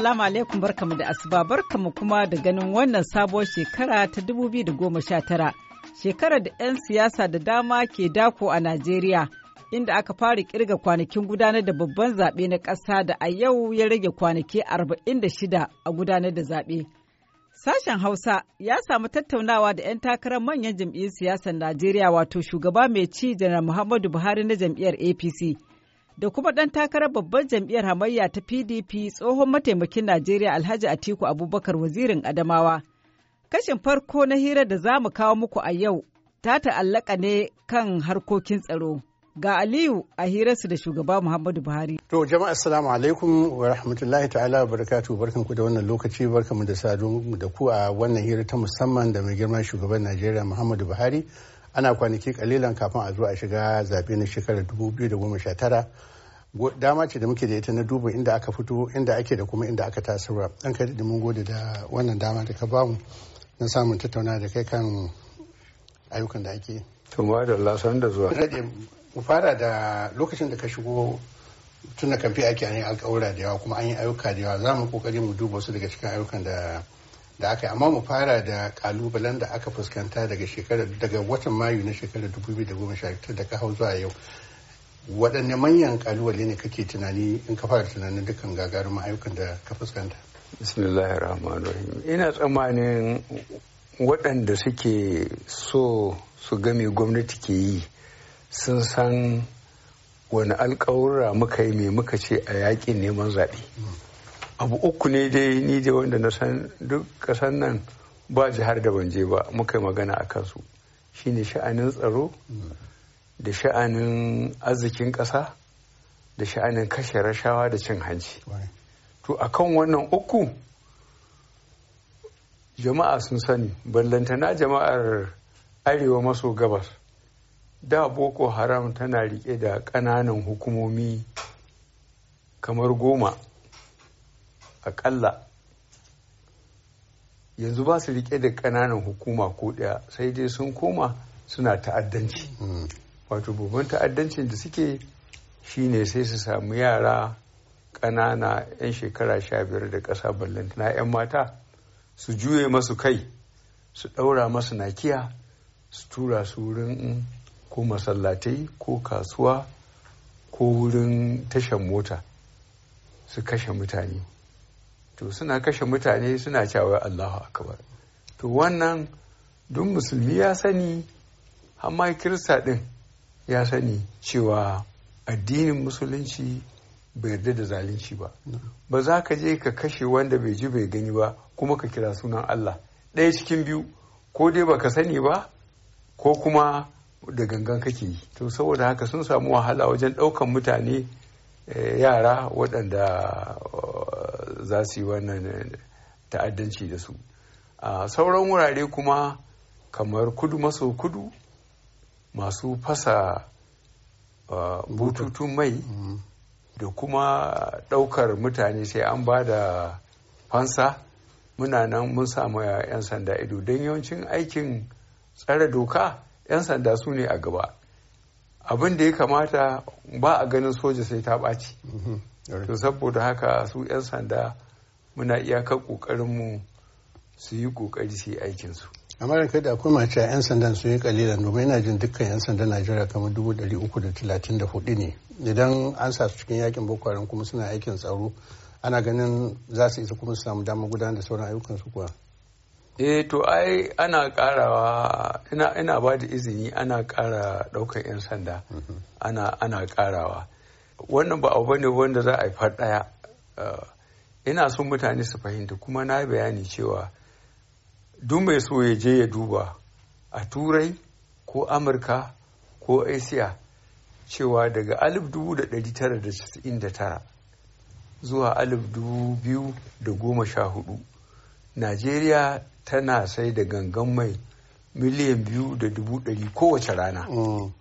Assalamu alaikum barkamu da asuba barkamu kuma da ganin wannan sabuwar shekara ta 2019 shekarar da 'yan siyasa da dama ke dako a Najeriya inda aka fara kirga kwanakin gudanar da babban zaɓe na ƙasa da a yau ya rage kwanaki 46 a gudanar da zaɓe. Sashen Hausa ya samu tattaunawa da 'yan takarar manyan jam'iyyar siyasar Najeriya wato shugaba mai ci janar Muhammadu Buhari na jam'iyyar APC. da kuma ɗan takarar babbar jam'iyyar hamayya ta PDP tsohon mataimakin Najeriya Alhaji Atiku Abubakar wazirin Adamawa. Kashin farko na hira da za mu kawo muku a yau ta ta'allaka ne kan harkokin tsaro. Ga Aliyu a hirarsu da shugaba Muhammadu Buhari. To jama'a assalamu alaikum wa rahmatullahi ta'ala wa barakatuhu barkanku da wannan lokaci barkanmu da sadu da ku a wannan hira ta musamman da mai girma shugaban Najeriya Muhammadu Buhari ana kwanaki kalilan kafin a zo a shiga zaɓe na shekarar 2019 dama ce da muke da ita na duba inda aka fito inda ake da kuma inda aka tasirwa ɗan kai da mun gode da wannan dama da ka bamu na samun tattauna da kai kan ayyukan da ake tuma da lasan da zuwa mu fara da lokacin da ka shigo tun da kamfe ake an yi alkawura da yawa kuma an yi ayyuka da yawa za mu kokari mu duba su daga cikin ayyukan da da aka yi amma mu fara da kalubalen da aka fuskanta daga shekarar daga watan mayu na shekarar 2019 da ka hau zuwa yau waɗanne manyan kalubale ne kake tunani in ka fara tunanin dukkan gagarin ayyukan da ka fuskanta bismillahir rahmanir rahim ina tsammanin waɗanda suke so su game gwamnati ke yi sun san wani alkawura muka yi mai muka ce a yaƙin neman zaɓe. abu uku ne dai ni da wanda na san duk kasan nan ba jihar da ban je ba muka yi magana a kansu shine sha'anin tsaro da sha'anin arzikin ƙasa da sha'anin kashe rashawa da cin hanci to akan wannan uku jama'a sun sani ballantana jama'ar arewa maso gabas da boko haram tana rike da ƙananan hukumomi kamar goma akalla yanzu ba su rike da ƙananan hukuma ko ɗaya sai dai sun koma suna ta'addanci hmm. wato babban ta'addancin da suke shine sai su samu yara ƙanana 'yan shekara sha biyar da ƙasa ballantana 'yan mata su juye masu kai su ɗaura masu nakiya su tura su wurin ko masallatai ko kasuwa ko wurin tashan mota su kashe mutane to suna kashe mutane suna cewa Allahu akbar to wannan duk musulmi ya sani amma kirista din ya sani cewa addinin musulunci bai yarda da zalunci ba ba za ka je ka kashe wanda bai ji bai gani ba kuma ka kira sunan Allah ɗaya cikin biyu ko dai baka sani ba ko kuma da gangan kake yi to saboda haka sun samu wahala wajen ɗaukan mutane eh, yara waɗanda za su yi wannan eh, ta'addanci da su a sauran wurare kuma kamar kudu maso kudu masu fasa uh, bututun mai mm-hmm. da kuma ɗaukar mutane sai an ba da fansa muna nan mun samu 'yan sanda ido don yawancin aikin tsare doka 'yan sanda su ne a gaba abin da ya kamata ba a ganin soja sai ta ɓaci mm-hmm. Eh. to saboda haka su 'yan sanda muna iyakar ƙoƙarinmu su yi ƙoƙari su yi aikinsu amma da kada akwai mace a 'yan sanda su yi kalilan domin ina jin dukkan 'yan sandan najeriya kamar dubu ɗari uku da talatin da hudu ne idan an sa su cikin yakin boko kuma suna aikin tsaro ana ganin za su isa kuma su samu damar gudanar da sauran ayyukan su kuwa eh to ai ana karawa ina ina ba da izini ana kara daukar 'yan sanda mm-hmm. ana ana karawa wannan ba abu bane wanda za a yi faɗaya eh, ina son mutane su fahimta kuma na bayani cewa duk mai so ya je ya duba a turai ko amurka ko Asia cewa daga 1999 zuwa 2014 najeriya tana sai da gangan mai miliyan biyu ɗari kowace rana mm.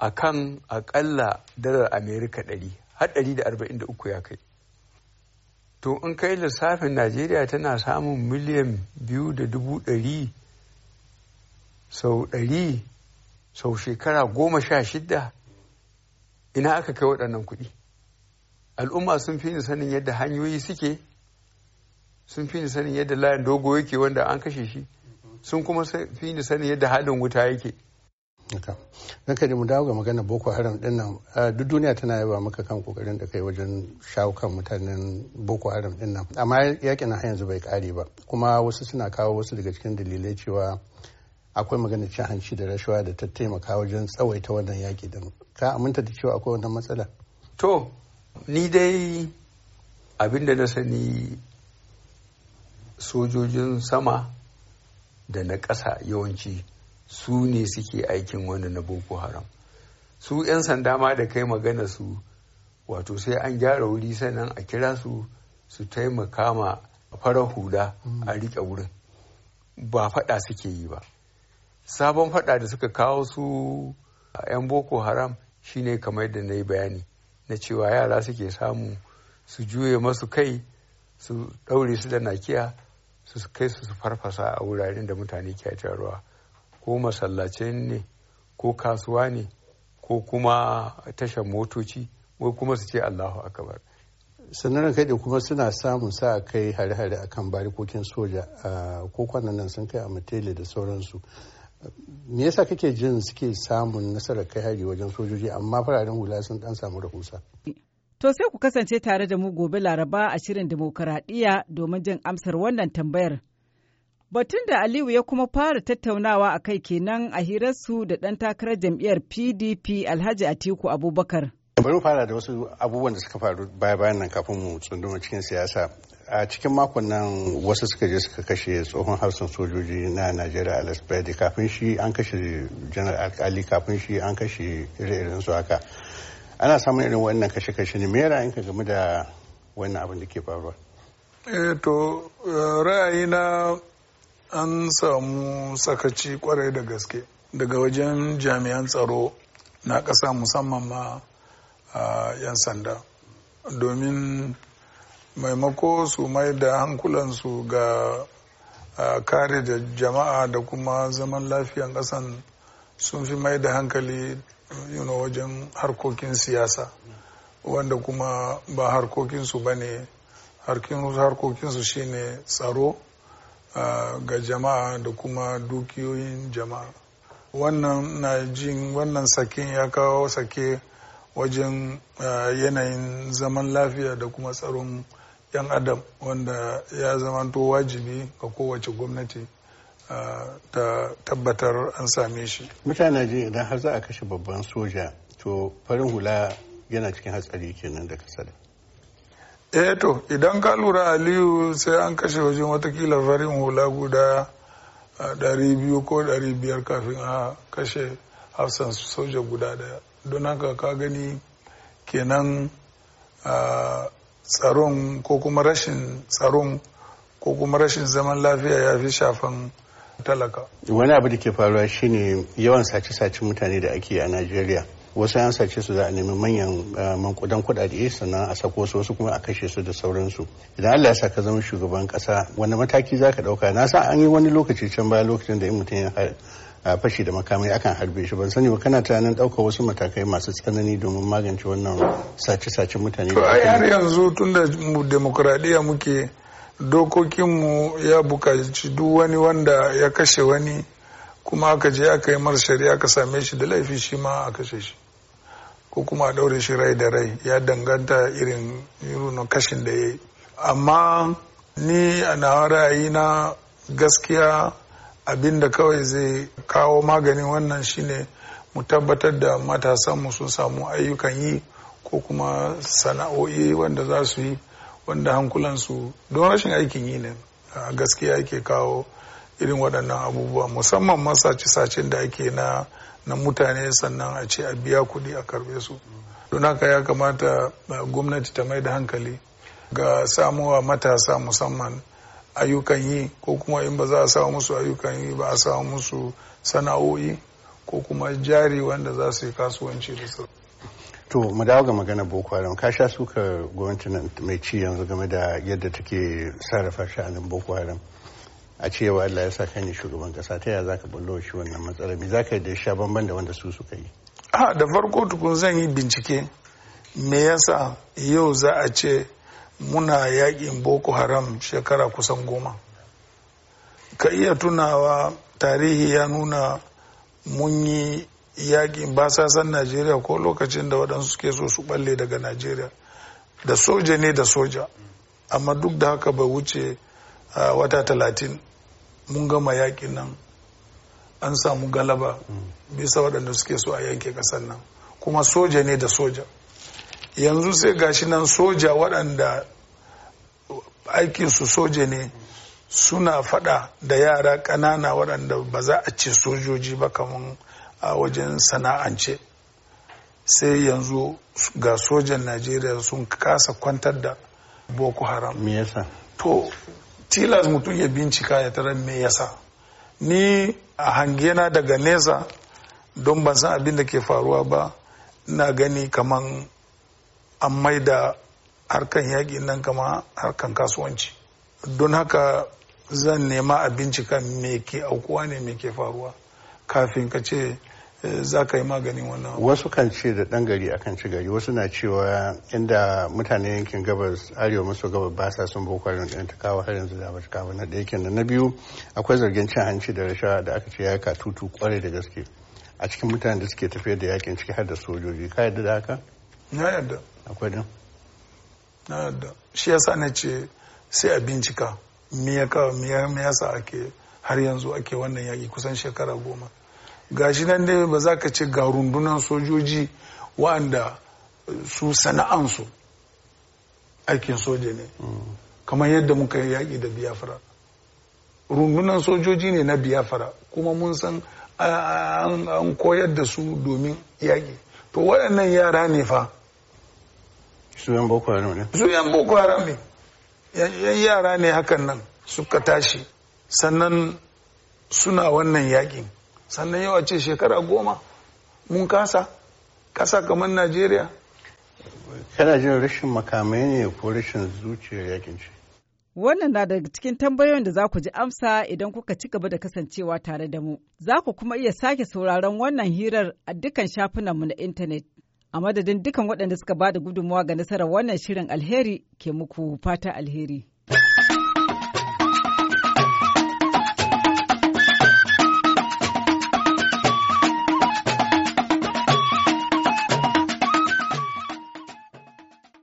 a kan akalla dalar amerika 100 har 143 ya kai to in kai lissafin najeriya tana samun miliyan biyu da dubu ɗari sau ɗari sau shekara goma sha shida ina aka kai waɗannan kuɗi al'umma sun fi ni sanin yadda hanyoyi suke sun fi ni sanin yadda layin dogo yake wanda an kashe shi sun kuma fi ni sanin yadda halin wuta yake Ranka mu dawo ga magana Boko Haram din nan duk duniya tana yaba maka kan kokarin da kai wajen shawo kan mutanen Boko Haram din nan amma yakin na yanzu bai kare ba kuma wasu suna kawo wasu daga cikin dalilai cewa akwai magana cin hanci da rashawa da ta taimaka wajen tsawaita wannan yaki din ka aminta da cewa akwai wannan matsala to ni dai abinda da na sani sojojin sama da na ƙasa yawanci su ne suke aikin wani na boko haram su 'yan sanda ma da kai magana su wato sai an gyara wuri sannan a kira su su taimaka ma farar huda a mm. riƙe wurin ba faɗa suke yi ba sabon faɗa da suka kawo su a 'yan boko haram shine kamar da na yi bayani na cewa yara suke samu su juye masu kai su ɗaure su da nakiya su kai su farfasa a wuraren da mutane ke taruwa ko masallacai ne ko kasuwa ne ko kuma tashar motoci ko kuma su ce allahu akabar sannan kai da kuma suna samun sa kai hare-hare akan barikokin soja ko kwanan sun kai a matele da sauransu me yasa kake jin suke samun nasarar kai hari wajen sojoji amma fararen hula sun dan samu rahusa to sai ku kasance tare da mu gobe laraba a shirin dimokuraɗiyya domin jin amsar wannan tambayar Batun da Aliyu ya kuma fara tattaunawa a kai kenan a hirarsu da ɗan takarar jam'iyyar PDP Alhaji Atiku Abubakar. Bari mu fara da wasu abubuwan da suka faru baya bayan nan kafin mu tsunduma cikin siyasa. A cikin makon nan wasu suka je suka kashe tsohon harsun sojoji na Najeriya Alex Brady kafin shi an kashe Janar Alkali kafin shi an kashe irin su haka. Ana samun irin wannan kashe-kashe ne me ka game da wannan abin da ke faruwa? Eh to eh, ra'ayina an samu sakaci kwarai da gaske daga wajen jami'an tsaro na ƙasa musamman ma a 'yan sanda domin maimako su mai da hankulansu ga kare da jama'a da kuma zaman lafiyan ƙasan sun fi mai da hankali you wajen harkokin siyasa wanda kuma ba harkokinsu ba ne harkokinsu shine tsaro ga jama'a da kuma dukiyoyin jama'a wannan na jin wannan sakin ya kawo sake wajen yanayin zaman lafiya da kuma tsaron 'yan adam wanda ya zama to wajibi ga kowace gwamnati ta tabbatar an same shi mutane ji idan har za a kashe babban soja to farin hula yana cikin hatsari kenan da kasada eh to idan ka lura aliyu sai an kashe wajen watakila farin hula guda 200 ko 500 kafin a kashe hafsan soja guda daya don haka ka gani kenan tsaron ko kuma rashin tsaron ko kuma rashin zaman lafiya ya fi shafan talaka wani abu da ke faruwa shine yawan sace-sace mutane da ake a najeriya wasu an sace su za a nemi manyan eh, mankudan kuɗaɗe sannan a sako su wasu kuma a kashe su da sauransu idan Allah ya sa ka zama shugaban kasa wani mataki za ka ɗauka na san an yi wani lokaci can baya lokacin da in mutum ya a eh, fashi da makamai akan harbe shi ban sani ba kana tunanin ɗaukar wasu matakai masu tsanani domin magance wannan sace-sace mutane to a har yanzu tunda mu demokradiya muke dokokinmu ya bukaci duk wani wanda ya kashe wani kuma aka je aka yi mar shari'a aka same shi da laifi shi ma a kashe shi ko kuma a ɗaure shi rai da rai ya danganta irin irin kashin da ya yi amma ni a nawa ra'ayi na gaskiya abin da kawai zai kawo maganin wannan shine mu tabbatar da matasanmu sun samu ayyukan yi ko kuma sana'o'i wanda za su yi wanda hankulansu don rashin aikin yi ne gaskiya yake kawo irin waɗannan abubuwa musamman ma sace-sacen da ake na na mutane sannan a ce a biya kuɗi a karɓe su don haka ya kamata eh, gwamnati ta mai da hankali ga samuwa matasa musamman ayyukan yi ko kuma in ba za a samu musu ayyukan yi ba a samu musu sana'o'i ko kuma jari wanda za su yi kasuwanci da su to mu dawo ga magana boko haram ka sha suka gwamnati mai ci yanzu game da yadda take sarrafa sha'anin boko haram a cewa Allah ya sa kan shugaban kasa ta yaya zaka bullo shi wannan matsalar za zaka yi da sha bamban da wanda su suka yi a ah, da farko tukun zan yi bincike me yasa yau za a ce muna yakin boko haram shekara kusan goma ka iya tunawa tarihi ya nuna mun yi yakin basasan najeriya ko lokacin da waɗansu ke so su balle daga najeriya da soja ne da soja amma duk da haka bai wuce ah, wata talatin mun gama yakin nan an samu galaba bisa mm. waɗanda suke so a yanke ƙasar nan kuma soja ne da soja yanzu sai gashi nan soja waɗanda aikinsu soja ne suna faɗa da yara ƙanana waɗanda ba za a ce sojoji ba kamar a wajen sana'ance sai yanzu ga sojan najeriya sun kasa kwantar da boko haram to tilas mutum ya bincika ya tarar me yasa ni a hangena daga nesa don ban san abin da ke faruwa ba na gani kaman an maida harkan yaƙi nan kama harkan kasuwanci don haka zan nema a bincika me ke aukuwa ne me ke faruwa kafin ka ce Eh, za ka yi maganin wannan wasu kan ce da ɗan gari akan ci gari wasu na cewa inda mutane yankin gabas arewa maso gabas ba sa sun boko harin ta kawo har yanzu da ba kawo na ɗaya kenan na biyu akwai zargin cin hanci da rashawa da aka ce ya ka tutu kwarai da gaske a cikin mutanen da suke tafiyar da yakin ciki har da sojoji ka yarda da haka na yarda akwai din na yarda shi yasa na ce sai a bincika me ya kawo me yasa ake har yanzu ake wannan yaki kusan shekara goma gashi nan dai ba za ka ce ga rundunan sojoji waɗanda su sana'ansu aikin soja ne kamar yadda muka yi yaƙi da biyafara rundunan sojoji ne na biyafara kuma mun san an koyar da su domin yaƙi to waɗannan yara ne fa su ne su yan boko haram ne yan yara ne hakan nan suka tashi sannan suna wannan yaƙin sannan yawa ce shekara goma mun kasa kasa kamar najeriya kana jin rashin makamai ne ko rashin zuciyar yakin ce Wannan na daga cikin tambayoyin da za ku ji amsa idan kuka ci gaba da kasancewa tare da mu. Za ku kuma iya sake sauraron wannan hirar a dukkan shafinanmu na intanet. A madadin dukkan waɗanda suka ba da gudunmawa ga nasarar wannan shirin alheri ke muku fata alheri.